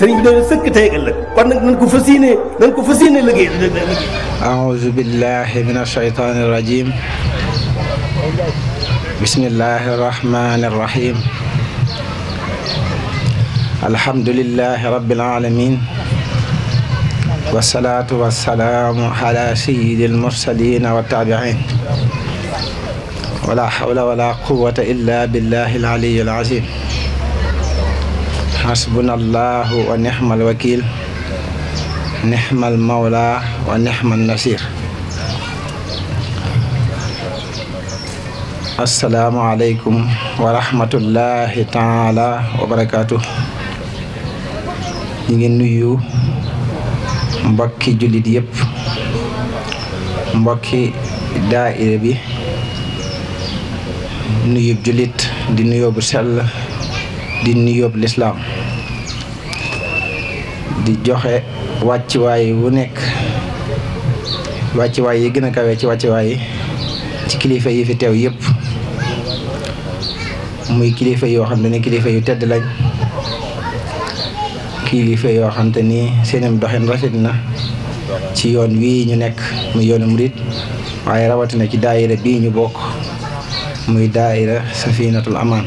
sëriñ bi dañu sëkk tey ëllëg kon nag nañ ko fas yéene nañ ko fas yéene liggéey aouzu billahi min ashaytaani rajim bismillahi arrahmani arrahim alhamdulilahi rabbil alamin wasalaatu wasalaamu ala sayyidi almursalin wa taabiin wala hawla wala quwata illa billahi alaliyu alazim xasbunallahu wa nixmal wakiil nixmal mawla wa nixmal nasir asalaamualeykum wa rahmatullahi taala wa barakaatu ñu ngi nuyu mbokki jullit yëpp mbokki daaira bi nuyu julit di nuyoobu sell di nuyoobu lislaam di joxe wàcciwaay wu nekk wàcciwaay yi gën a kawe ci wàcciwaay yi ci kilifa yi fi teew yépp muy kilifa yoo xam te ni kilifa yu tedd lañ kilifa yoo xam te ni seenam doxin rafet na ci yoon wii ñu nekk muy yoonu murit waaye rawatina ci daayira bii ñu bokk muy daayira safinatul amaan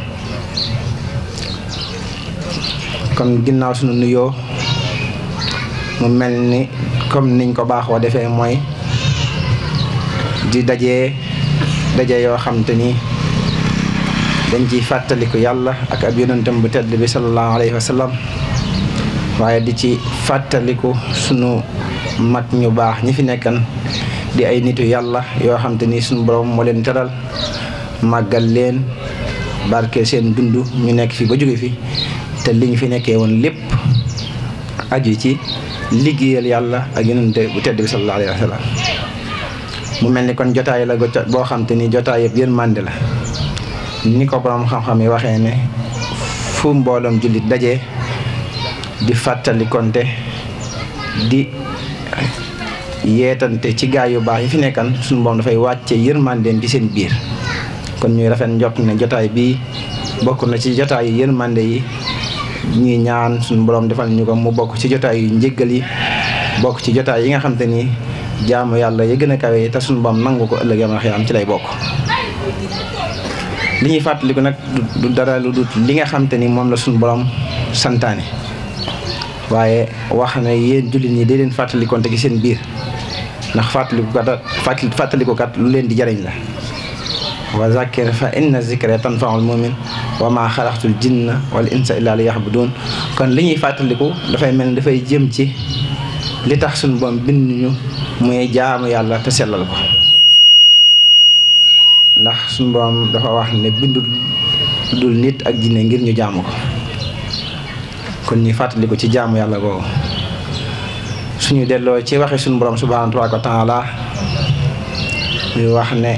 kon ginnaaw sunu nuyoo mu mel ni comme niñ ko baaxoo defee mooy di daje daje yoo xam ni dañ ciy fàttaliku yàlla ak ab yonentam bu tedd bi sallallahu alayhi wa sallam waaye di ci fàttaliku sunu mat ñu baax ñi fi nekkan di ay nitu yàlla yoo xam te ni sunu borom moo leen teral màggal leen barke seen dund ñu nekk fi ba jóge fi te liñ fi nekkee woon lépp aju ci liggéeyal yàlla ak yonent bu tedd bi sallallahu wa sallam mu mel ni kon jotaay la boo xam te ni jotaay yëpp yërmande la ni ko boroom xam-xam yi waxee ne fu mbooloom jullit daje di fàttali konte di yeetante ci gaa yu baax yi fi nekkan suñu boom dafay wàcce yërmandeem ci seen biir kon ñuy rafet njot ne jotaay bii bokk na ci jotaay yi yërmande yi ñuy ñaan suñu borom defal ñu ko mu bokk ci jotaayu yu yi bokk ci jotaay yi nga xam te ni jaamu yàlla yi gën a kawe te suñu borom nangu ko ëllëg yam am ci lay bokk. li ñuy fàttaliku nag du dara lu dut li nga xam ni moom la suñu borom santaane waaye wax na yéen jullit ñi di leen te ci seen biir ndax fàttaliku kat fàttaliku kat lu leen di jariñ la. wa zakir fa inna zikra tanfaul mumin wa maa xalaxtul jinna wala insa illaa li yaxbuduun kon li ñuy fàttaliku dafay mel ni dafay jëm ci li tax suñu boom bind ñu muy jaamu yàlla te sellal ko ndax suñu boom dafa wax ne bindu dul nit ak jinne ngir ñu jaamu ko kon ñuy fàttaliku ci jaamu yàlla boobu suñu delloo ci waxi suñu borom subhaanahu wa la muy wax ne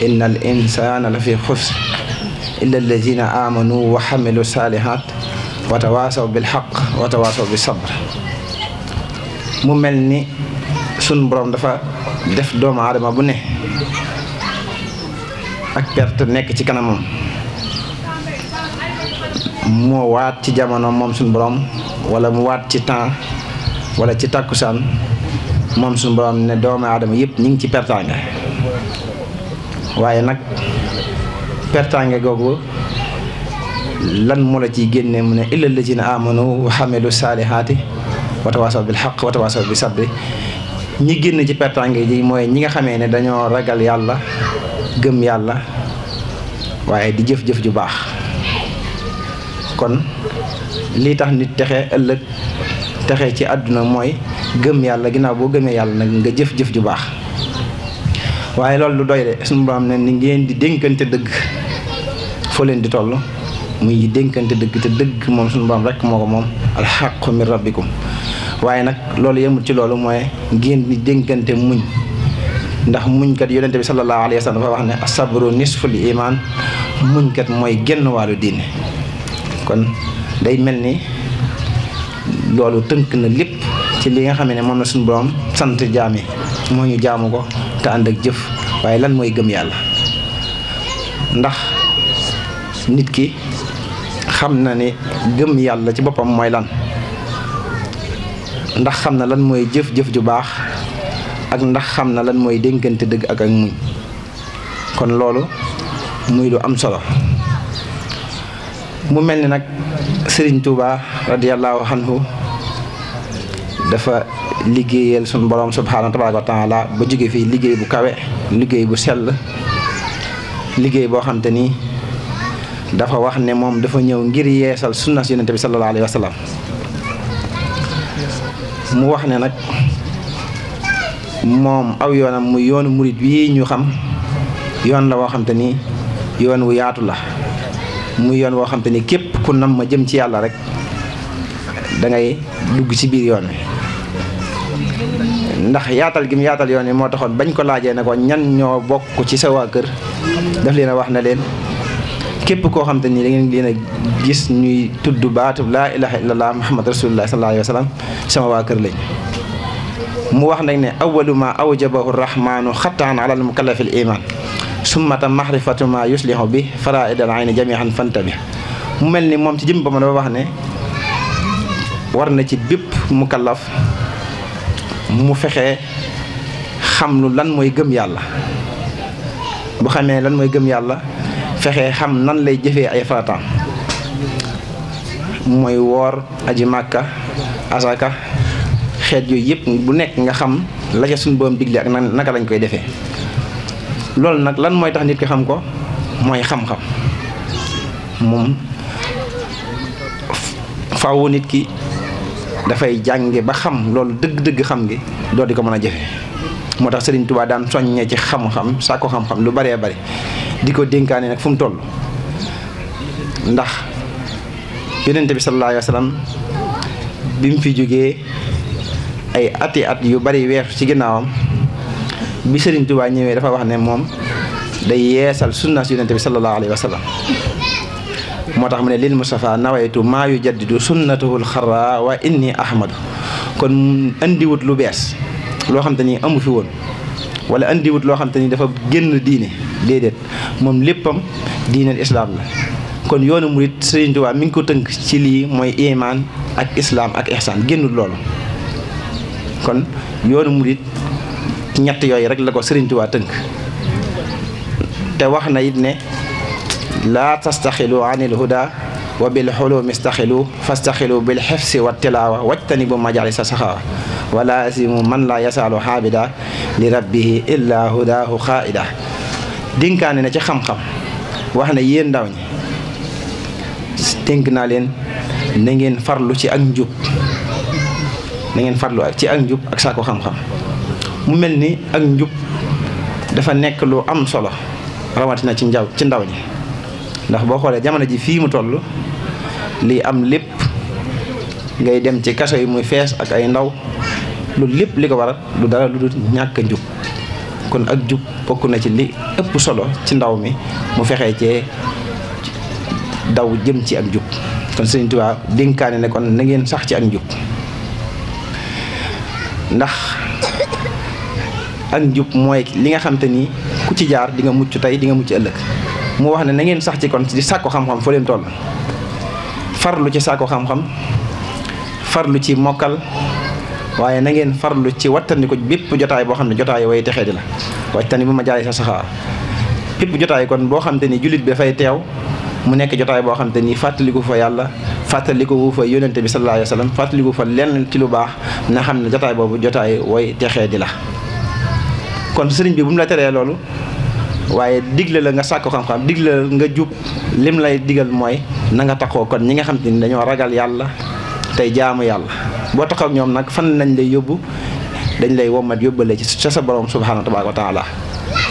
innal insaana la fi xusr illa alladina amanu wa xamilu saalihat wa tawaasaw bil xaq wa tawaasaw bi sabr mu mel ni suñ borom dafa def doomu aadama bu ne ak perte nekk ci kanamam moo waat ci jamono moom suñ borom wala mu waat ci temps wala ci takkusaan moom suñu borom ne doomu aadama yëpp ñu ngi ci pertaange waaye nag pertange googu lan moo la ciy génne mu ne illal lazina amanu wa hamilu saalihaati wa tawasaw bil haqq wa tawasaw bis sabri ñi génn ci pertange ji mooy ñi nga xamee ne dañoo ragal yàlla gëm yàlla waaye di jëf-jëf ju baax kon lii tax nit texe ëllëg texe ci àdduna mooy gëm yàlla ginnaaw boo gëmee yàlla nag nga jëf-jëf ju baax waaye loolu lu doy de suñu borom ne ni ngeen di dénkante dëgg foo leen di toll muy dénkante dëgg te dëgg moom suñu borom rek moo moom alxaqu min rabbikum waaye nag loolu yemul ci loolu mooy ngeen di dénkante muñ ndax muñkat yonente bi sallallahu alayhi wa sallam dafa wax ne asabru nisful iman muñkat mooy genn wàllu diine kon day mel ni loolu tënk na lépp ci li nga xam ne moom na suñu borom sant jaam yi moo ñu jaamu ko te ak jëf waaye lan mooy gëm yàlla ndax nit ki xam na ni gëm yàlla ci boppam mooy lan ndax xam na lan mooy jëf jëf ju baax ak ndax xam na lan mooy dénkante dëgg ak ak muñ kon loolu muy lu am solo mu mel ni nag Sëriñ Tuuba radiyallahu anhu dafa liggéeyal suñu borom subhaanahu tabaaraka wa taala ba jóge fii liggéey bu kawe liggéey bu sell liggéey boo xam ni dafa wax ne moom dafa ñëw ngir yeesal sunna si yonente bi sallallahu alayhi mu wax ne nag moom aw yoonam mu yoonu murit wii ñu xam yoon la woo xam ni yoon wu yaatu la muy yoon woo xam ni képp ku nam ma jëm ci yàlla rek dangay dugg ci biir yoon wi ndax yaatal gi mu yaatal yoon yi moo taxoon bañ ko laajee na ko ñan ñoo bokk ci sa waa kër daf leen a wax na leen képp koo xam te ni da ngeen leen gis ñuy tudd baatub laa ilaha illallah muhammad rasulullah sallallahu alayhi waa kër lañ mu wax nañ ne awalu ma awjabahu rahmaanu xattaan alal mukallafil iman summata mahrifatu ma yuslihu bi faraidal ayni jamihan fanta bi mu mel ni moom ci jëm ba ma dafa wax ne war na ci bépp mukallaf mu fexe xam lu lan mooy gëm yàlla bu xamee lan mooy gëm yàlla fexe xam nan lay jëfee ay farataam mooy woor aji màkka asaka xeet yooyu yëpp bu nekk nga xam la ca suñu boom digle ak naka lañ koy defee loolu nag lan mooy tax nit ki xam ko mooy xam-xam moom faawu nit ki dafay jànge ba xam loolu dëgg-dëgg xam ngi doo di ko mën a jëfe moo tax sëriñ Touba daan soññee ci xam-xam sàkko xam-xam lu baree bari di ko dénkaane nag fu mu toll ndax yonente bi sallallahu alayhi wa bi mu fi jógee ay ati at yu bari weer ci ginnaawam bi Serigne Touba ñëwee dafa wax ne moom day yeesal sunna si yonente bi sallallahu alayhi moo tax mu ne lil Moustapha nawaytu maa yu jaddidu sunnatahul xarra wa inni ahmadu kon indiwut lu bees loo xam te ni amu fi woon wala indiwut loo xam te ni dafa génn diine déedéet moom léppam diine islaam la kon yoonu murit Sëriñ Tuubaa mi ngi ko tënk ci lii mooy imaan ak islaam ak ihsaan génnul loolu kon yoonu murit ñett yooyu rek la ko Sëriñ tënk te wax na it ne laa tastaxilu an il huda wa bil xulumi staxilu fastaxilu bil xefsi wa tilaawa wajtanibu majalisa saxaawa wala asimu man la yasaalu xaabida li rabbihi illaa hudaahu xaaida dénkaane na ci xam-xam wax na yéen ndaw ñi dénk naa leen na ngeen farlu ci ak njub na ngeen farlu ci ak njub ak saako xam-xam mu mel ni ak njub dafa nekk lu am solo rawatina ci njaw ci ndaw ñi ndax boo xoolee jamono ji fii mu toll lii am lépp ngay dem ci kaso yi muy fees ak ay ndaw lu lépp li ko waral lu dara lu dul ñàkk a njub kon ak jub bokk na ci li ëpp solo ci ndaw mi mu fexee cee daw jëm ci ak njub kon Sëriñ Tuubaa dénkaane ne kon na ngeen sax ci ak njub ndax ak njub mooy li nga xam te ni ku ci jaar di nga mucc tey di nga mucc ëllëg mu wax ne na ngeen sax ci kon di sàkku xam-xam foo leen toll farlu ci sàkku xam-xam farlu ci mokkal waaye na ngeen farlu ci wattandiku bépp jotaay boo xam ne jotaay way texee di la wattani bu ma jaay sa saxaar jotaay kon boo xam te ni jullit dafay teew mu nekk jotaay boo xam te ni fàttaliku fa yàlla fàttaliku wu fa yónnante bi sallallahu alayhi wa sallam fàttaliku fa lenn ci lu baax na xam ne jotaay boobu jotaay woy texee di la kon sëriñ bi bu mu la teree loolu waaye digle la nga sàkk xam-xam digle la nga jub lim lay digal mooy na nga taxoo kon ñi nga xam te ni dañoo ragal yàlla tey jaamu yàlla boo taxaw ak ñoom nag fan lañ lay yóbbu dañ lay womat yóbbale ci sa sa borom subhaanahu tabaaraka wa taala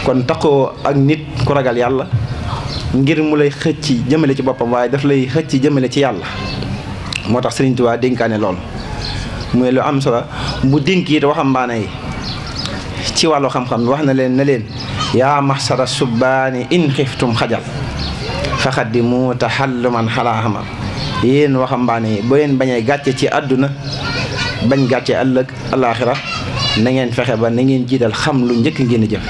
kon taxoo ak nit ku ragal yàlla ngir mu lay xëcc jëmale ci boppam waaye daf lay xëcc jëmale ci yàlla moo tax Sëriñ Tuubaa dénkaane loolu muy lu am solo mu dénk it waxambaane yi ci wàllu xam-xam wax na leen na leen. yaa maxsara subbaani in xiftum xajal faxaddimu taxalluman xalaahama yéen waxambaane yi boo leen bañee gàcce ci àdduna bañ gàcce ëllëg alaaxira na ngeen fexe ba na ngeen jiital xam lu njëkk ngeen jëf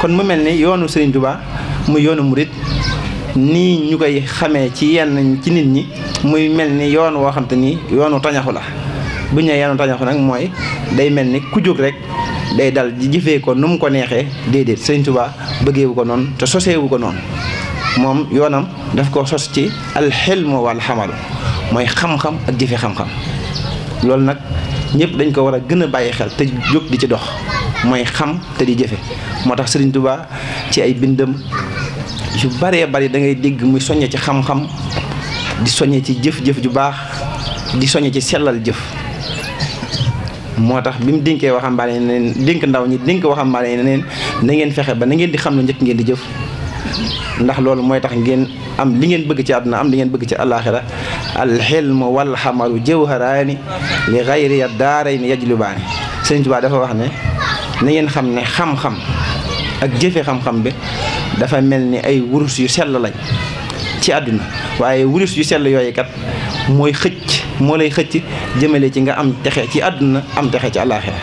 kon mu mel ni yoonu Serigne Touba mu yoonu murit nii ñu koy xamee ci yenn ci nit ñi muy mel ni yoon woo xam ni yoonu tañaxu la bu ñu nee tañaxu nag mooy day mel ni ku jóg rekk day dal di jëfee ko nu mu ko neexee déedéet sëñ Tuubaa bëggeewu ko noonu te soseewu ko noonu moom yoonam daf ko sos ci alxilmu wal xamalu mooy xam-xam ak jëfe xam-xam loolu nag ñëpp dañ ko war a gën a bàyyi xel te jóg di ci dox mooy xam te di jëfe moo tax sëriñ Tuubaa ci ay bindam yu baree bari da ngay dégg muy soññe ci xam-xam di soññe ci jëf-jëf ju baax di soññe ci sellal jëf moo tax bi mu dénkee waxambaane ne leen dénk ndaw ñi dénk waxambaane ne leen na ngeen fexe ba na ngeen di xam lu njëkk ngeen di jëf ndax loolu mooy tax ngeen am li ngeen bëgg ci àdduna am li ngeen bëgg ci àllaaxira alxilm wal xamalu jawharaani li xayri ya daarayni yajlubaani sëñ Tuubaa dafa wax ne nangeen xam ne xam-xam ak jëfe xam-xam bi dafa mel ni ay wurus yu sell lañ ci àdduna waaye wurus yu sell yooyu kat mooy xëcc moo lay xëcc jëmale ci nga am texe ci àdduna am texe ci àllaaxira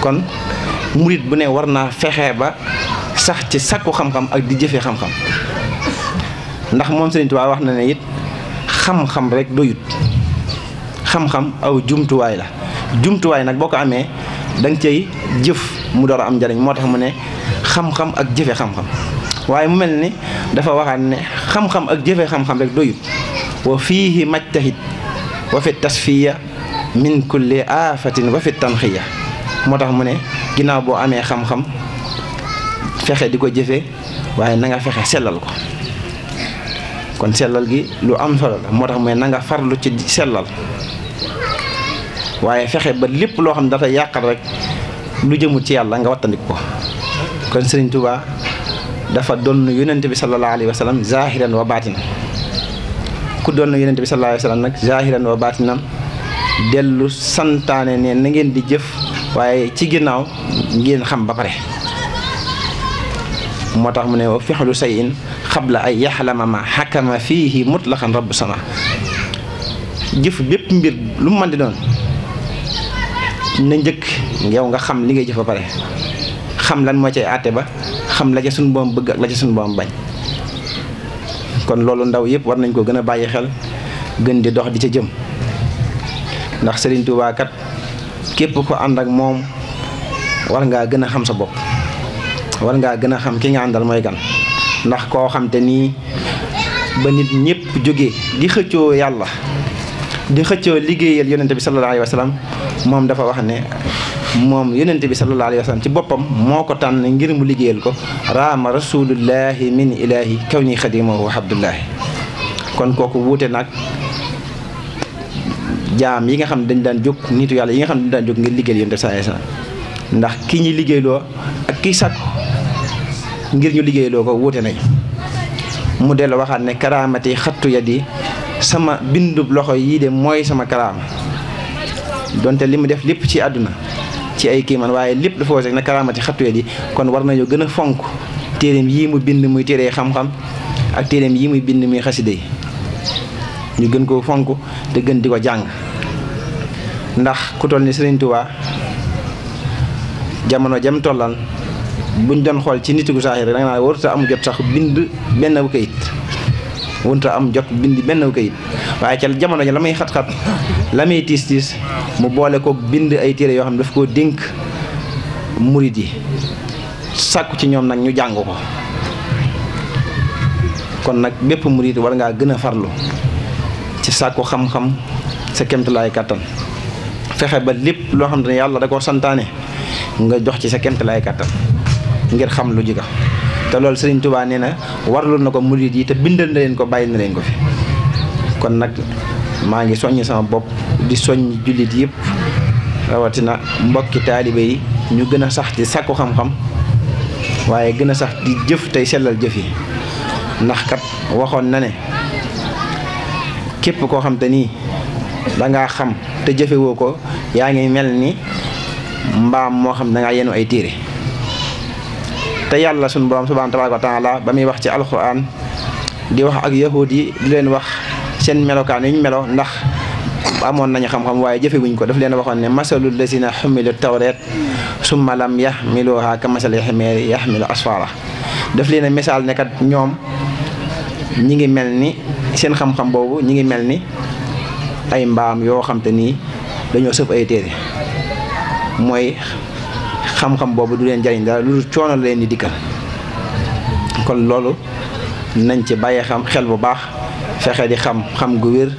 kon murit bu ne war naa fexe ba sax ci sakku xam-xam ak di jëfe xam-xam ndax moom Sëriñ Tuubaa wax na ne it xam rek doyut xam aw jumtuwaay la jumtuwaay nag boo ko amee da nga cay jëf mu door a am njariñ moo tax mu ne xam-xam ak jëfe xam-xam waaye mu mel ni dafa waxaat ne xam-xam ak jëfe xam-xam rek doyut wa fiihi majtahid wa fi tasfiya min kulli aafatin wa fi tanxiya moo tax mu ne ginnaaw boo amee xam-xam fexe di ko jëfe waaye na fexe sellal ko kon sellal gi lu am solo la moo tax mu ne na nga farlu ci sellal waaye fexe ba lépp loo xam ne dafa yàqal rek lu jëmul ci yàlla nga wattandik ko kon Sëriñ Tuubaa dafa doon yonent bi sallallahu alayhi wa sallam zahiran wa baatinan ku doon na yonente bi sallallahu alayhi wasallam nag zahiran wa baatinan dellu santaane ne na ngeen di jëf waaye ci ginnaaw ngeen xam ba pare moo tax mu ne wa fexlu say in la ay yaxlama ma xakama fiihi mutlaqan rabb sama jëf bépp mbir lu mu mën di doon na njëkk yow nga xam li ngay jëf ba pare xam lan moo cay àtte ba xam la ca sunu boom bëgg ak la ca sunu boom bañ kon loolu ndaw yëpp war nañ ko gën a bàyyi xel gën di dox di ca jëm ndax Serigne Touba kat képp ko ànd ak moom war ngaa gën a xam sa bopp war ngaa gën a xam ki nga àndal mooy gan ndax koo xam te nii ba nit ñëpp jóge di xëccoo yàlla di xëccoo liggéeyal yonente bi sallallahu alayhi wa sallam moom dafa wax ne moom yenent bi sallallahu alayhi wa sallam ci boppam moo ko tànn ngir mu liggéeyal ko raama rasulullahi min kew kaw ni xadimahu abdullahi kon kooku wuute nag jaam yi nga xam dañ daan jóg nitu yàlla yi nga xam dañ daan jóg ngir liggéeyal yonent bi sallallahu alayhi wa ndax ki ñi liggéeyloo ak ki sàkku ngir ñu liggéeyloo ko wuute nañ mu dellu waxaat ne karaamati xattu di sama bindu loxo yii de mooy sama karaama donte li mu def lépp ci àdduna ci ay kiimaan waaye lépp dafa woote na karaamati xatuweel yi kon war nañu gën a fonk téereem yii mu bind muy téere xam-xam ak téereem yii muy bind muy xasida yi ñu gën koo fonk te gën di ko jàng ndax ku toll ni Sëriñ Tuubaa jamono jam tollal buñ doon xool ci nit ku saaxir da nga naan am jot sax bind benn bu kayit wunta am jot bind benn kayit waaye ca jamono ja la muy xat-xat la muy tiis tiis mu boole ko bind ay téere yoo xam ne daf koo dénk murit yi sàkku ci ñoom nag ñu jàng ko kon nag bépp murit war ngaa gën a farlu ci sàkku xam-xam sa kemtalaay kàttan fexe ba lépp loo xam ne yàlla da koo santaane nga jox ci sa kemtalaay kàttan ngir xam lu jiga te loolu Serigne Touba nee na warlu na ko murid yi te bindal na leen ko bàyyi na leen ko fi kon nag maa ngi soññ sama bopp di soññ jullit yëpp rawatina mbokki taalibe yi ñu gën a sax ci sakku xam-xam waaye gën a sax di jëf tey sellal jëf yi ndax kat waxoon na ne képp koo xam te nii dangaa xam te jëfewoo ko yaa ngi mel ni mbaam moo xam dangaa yenu ay téere te yàlla sunu borom subhaana tabaaraka wa taala ba muy wax ci alxuraan di wax ak yahuud yi di leen wax seen melokaan yi ñu melo ndax amoon nañu xam-xam waaye jëfewuñ ko daf leen waxoon ne masalul lazina xumilu tawreet summa lam yaxmiluha ka masali ximeeri yaxmilu asfara daf leen a misaal ne ñoom ñi ngi mel ni seen xam-xam boobu ñi ngi mel ni ay mbaam yoo xam te nii dañoo sëf ay téere mooy xam-xam boobu du leen jariñ dara lu dul coono la leen di dikkal kon loolu nañ ci bàyyi xam xel bu baax fexe di xam xam gu wér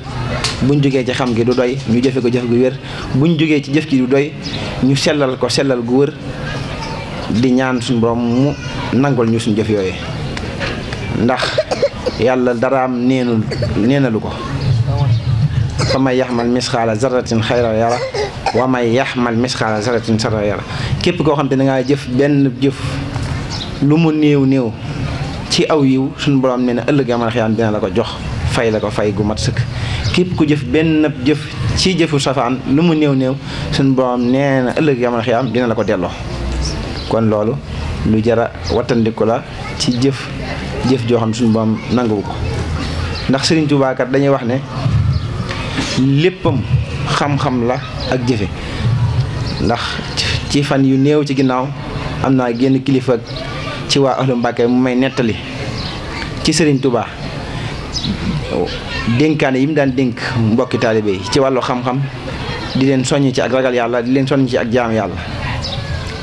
buñ jógee ci xam gi du doy ñu jëfe ko jëf gu wér buñ jógee ci jëf gi du doy ñu sellal ko sellal gu wër di ñaan suñu borom mu nangul ñu suñ jëf yooyu ndax yàlla daraam neenul neenalu ko fa may yaxmal misxaala zarratin xayra yara wa may mal misxaala zarratin sarra yara képp koo xam te ne ngaa jëf benn jëf lu mu néew néew ci aw yiw suñu borom nee na ëllëg amal xiyaam dina la ko jox fay la ko fay gu mat sëkk képp ku jëf benn jëf ci jëfu safaan lu mu néew néew suñu borom nee na ëllëg amal xiyaam dina la ko delloo kon loolu lu jara wattandiku la ci jëf jëf joo xam suñu borom nanguwu ko ndax Sëriñ Tuubaa dañuy wax ne léppam xam-xam la ak jëfe ndax ci fan yu néew ci ginnaaw am naa génn kilifa ci waa ahlu Mbàkke mu may nettali ci Sëriñ tubaa dénkaane yi mu daan dénk mbokki taalibe yi ci wàllu xam-xam di leen soññ ci ak ragal yàlla di leen soññ ci ak jaam yàlla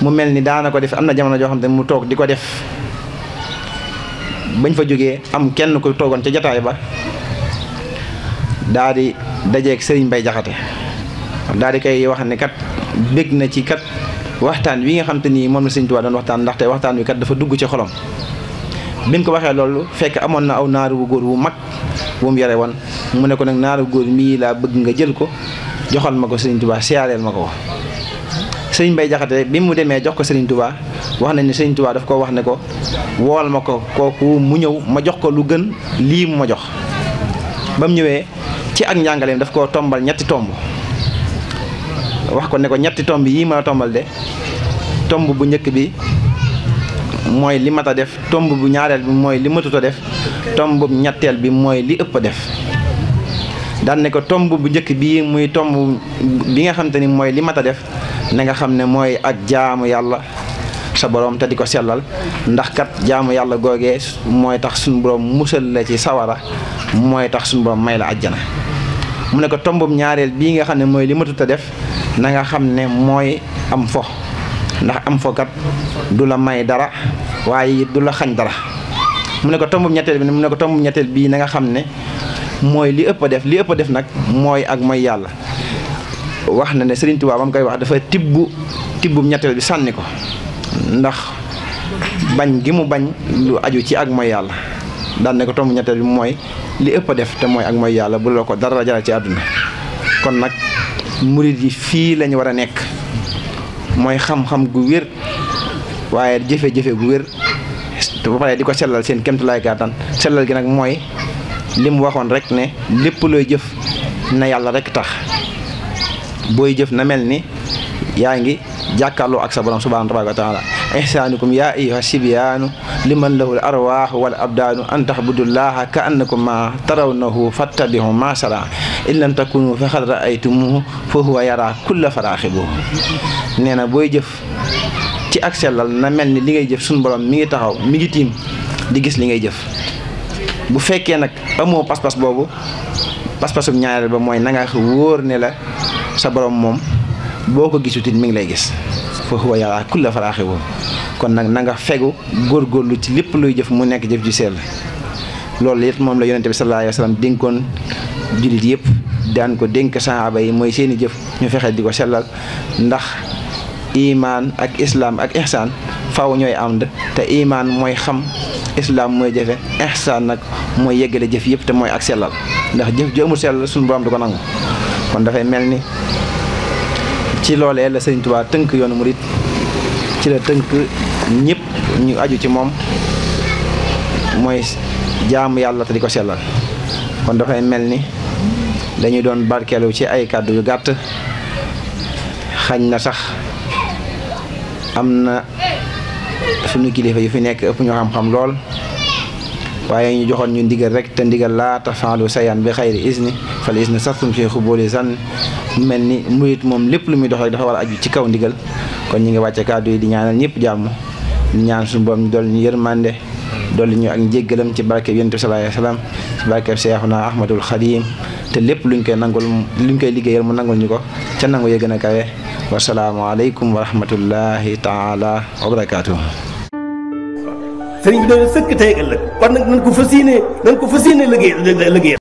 mu mel ni daana ko def am na jamono joo xam ne mu toog di ko def bañ fa jógee am kenn ku toogoon ca jataay ba daa di dajeeg sëriñ Mbay Jaxate daa di wax ne kat bég na ci kat waxtaan wi nga xam te ni moom la sëñ Tuubaa doon waxtaan ndaxte waxtaan wi kat dafa dugg ci xolom biñ ko waxee loolu fekk amoon na aw naaru góor wu mag wu yore woon mu ne ko nag naaru góor mii laa bëgg nga jël ko joxal ma ko sëriñ Touba siyaareel ma ko sëriñ Mbay Jaxate bi mu demee jox ko sëriñ Touba wax nañ ne sëriñ Touba daf ko wax ne ko wool ma ko kooku mu ñëw ma jox ko lu gën lii mu ma jox ba mu ñëwee ci ak njàngaleem daf ko tombal ñetti tomb wax ko ne ko ñetti tomb yii ma la tombal de tomb bu njëkk bi mooy li mat a def tomb bu ñaareel bi mooy li matut a def tomb ñetteel bi mooy li ëpp def daan ne ko tomb bu njëkk bii muy tomb bi nga xam te ni mooy li mat a def na nga xam ne mooy ak jaamu yàlla sa borom te di ko sellal ndax kat jaamu yàlla googee mooy tax suñu borom musal la ci sawara mooy tax suñu borom may la àjjana mu ne ko tombum ñaareel bii nga xam ne mooy li matut a def na nga xam ne mooy am fo ndax am fo du la may dara waaye du la xañ dara mu ne ko tombum ñetteel bi mu ne ko ñetteel bii na xam ne mooy li ëpp a def li ëpp a def nag mooy ak moy yàlla wax na ne Sëriñ Tuubaa ba mu koy wax dafa tibb tibbum ñetteel bi sànni ko ndax bañ gi mu bañ lu aju ci ak mooy yàlla daan ne ko tomb ñetteel bi mooy li ëpp a def te mooy ak moy yàlla bu la ko dara jaral ci àdduna kon nag murit yi fii lañu war a nekk mooy xam-xam gu wér waaye jëfe-jëfe gu wér ba pare di ko sellal seen kéemtulaay kàttan sellal gi nag mooy li mu waxoon rek ne lépp looy jëf na yàlla rek tax booy jëf na mel ni yaa ngi jàkkaarloo ak sa borom subhaana tabaaraka wa taala ihsaanukum ma ayyuha sibyaanu liman lahul arwaahu wal abdaanu an taxbudullaaha ka annakum ma tarawnahu fattabihu ma sara in lam takunu fa xad raaytumuhu fa huwa yara kulla faraaxibu nee na booy jëf ci ak sellal na mel ni li ngay jëf suñu borom mi ngi taxaw mi ngi tiim di gis li ngay jëf bu fekkee nag amoo pas-pas boobu pas-pasum ñaareel ba mooy na wóor ne la sa borom moom boo ko gisutit mi ngi lay gis fa huwa yara kulla faraaxibu kon nag na nga góor góorgóorlu ci lépp luy jëf mu nekk jëf ju sell loolu it moom la yonente bi sallallahu alayhi wa sallam jullit yëpp daan ko dénk saxaaba yi mooy seeni jëf ñu fexe di ko sellal ndax imaan ak islaam ak ihsaan faw ñooy ànd te imaan mooy xam islaam mooy jëfe ihsaan nag mooy yeggale jëf yëpp te mooy ak sellal ndax jëf ju amul sellal suñu borom du ko nangu kon dafay mel ni ci loolee la Sëriñ Tuubaa tënk yoonu murit ci la tënk ñëpp ñu aju ci moom mooy jaamu yàlla te di ko sellal kon dafay mel ni dañu doon barkeelu ci ay kàddu yu gàtt xañ na sax am na suñu kilifa yu fi nekk ëpp ñu xam-xam lool waaye ñu joxoon ñu ndigal rek te ndigal laa tax tafaalu sayaan bi xayri isni fal isni sartum fi xubóoli san mel ni murit moom lépp lu muy dox rek dafa war a aju ci kaw ndigal kon ñu ngi wàcce kàddu yi di ñaanal ñëpp jàmm ñaan suñu boom dool ñu yërmande dolli ñu ak njéggalam ci barkeb yonent bi salaay salaam ci barkeb seexuna ahmadul xadim te lépp luñ koy nangul luñ koy liggéeyal mu nangul ñu ko ca nangu ya gën a kawe wasalaamaaleykum wa rahmatullahi taala wa barakaatuh. sëriñ bi de sëkk tey ëllëg kon nag nañ ko fas yéene ko fas yéene liggéey